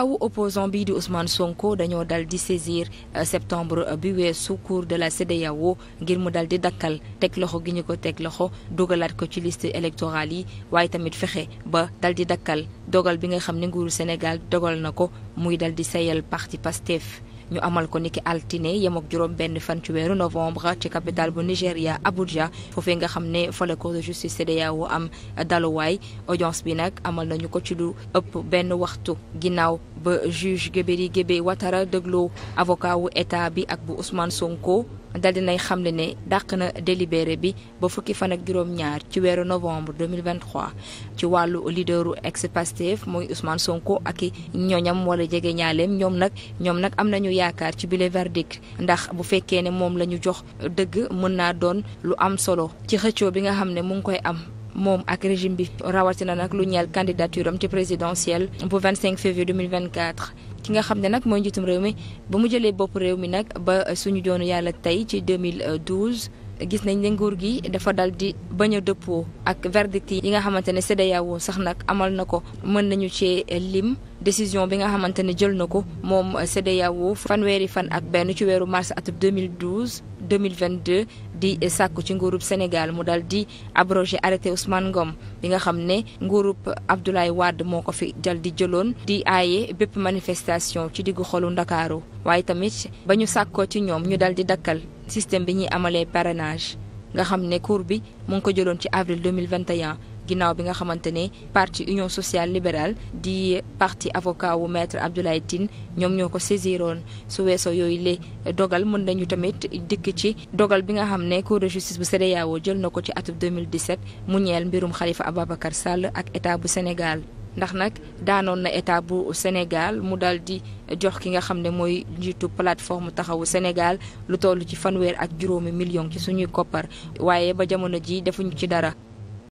awu opposant bii di Ousmane Sonko dañoo dal di saisir euh, septembre euh, bi weesu cour de la CEDEAO ngir mu dal di dakkal teg loxo gi ñu ko teg loxo dugalaat ko ci liste électorale yi waaye tamit fexe ba dal di dakkal dogal bi nga xam ne nguuru Sénégal dogal na ko muy dal di seyal parti Pastef ñu amal ko niki altine yem ak juróom benn fan ci weeru novembre ci capitale bu Nigéria Abuja foofee nga xam ne fa la cour de justice CEDEAO am euh, daluwaay audience bi nag amal nañu ko ci lu ëpp benn waxtu ginnaaw ba juge Guébéry Guébé Ouattara dégloo avocat wu état bi ak bu Ousmane Sonko dal dinay xamle ne dàq na délibéré bi ba fukki fan ak juróom-ñaar ci weeru novembre 2023 ci wàllu leaderu ex Pastef mooy Ousmane Sonko ak i ñoñam wala jege ñaaleem ñoom nag ñoom nag am nañu yaakaar ci bile verdict ndax bu fekkee ne moom la ñu jox dëgg mën naa doon lu am solo ci xëccoo bi nga xam ne mu ngi koy am moom ak régime bi rawatina nag lu ñeel candidature am ci présidentielle bu 25 février 2024. ki nga xam ne nag mooy njiitum réew mi ba mu jëlee bopp réew mi nag ba suñu joonu yàlla tey ci 2012 gis nañ ne nguur gi dafa dal di bañ a dëppoo ak verdict yi nga xamante ne CEDEAO sax nag amal na ko mën nañu cee lim. décision bi nga xamante ne jël na ko moom CEDEAO fanweeri fan ak benn ci weeru mars atub 2012 2022 di sàkku ci nguurub Sénégal mu dal di abrogé arrêté Ousmane Ngom bi nga xam ne nguurub Abdoulaye Wade moo ko fi dal di jëloon di aaye bépp manifestation ci diggu xolu Ndakaaru waaye tamit ba ñu sàkkoo ci ñoom ñu dal di dakkal système bi ñuy amalee parrainage nga xam ne cour bi mu ngi ko jëloon ci avril 2021 ginnaaw bi nga xamante ne parti union sociale libérale di parti avocat wu maître Abdoulaye Tine ñoom ñoo ko saisiroon su weesoo yooyu la dogal mën nañu tamit dikk ci dogal bi nga xam ne cour de justice bu CEDEAO jël na ko ci atum 2017 mu ñeel mbirum Khalifa Ababacar Sall ak état bu Sénégal. ndax nag daanoon na état bu Sénégal mu daal di jox ki nga xam ne mooy njiitu plateforme taxawu Sénégal lu toll ci fanweer ak juróomi million ci suñuy koppar waaye ba jamono ji ci dara.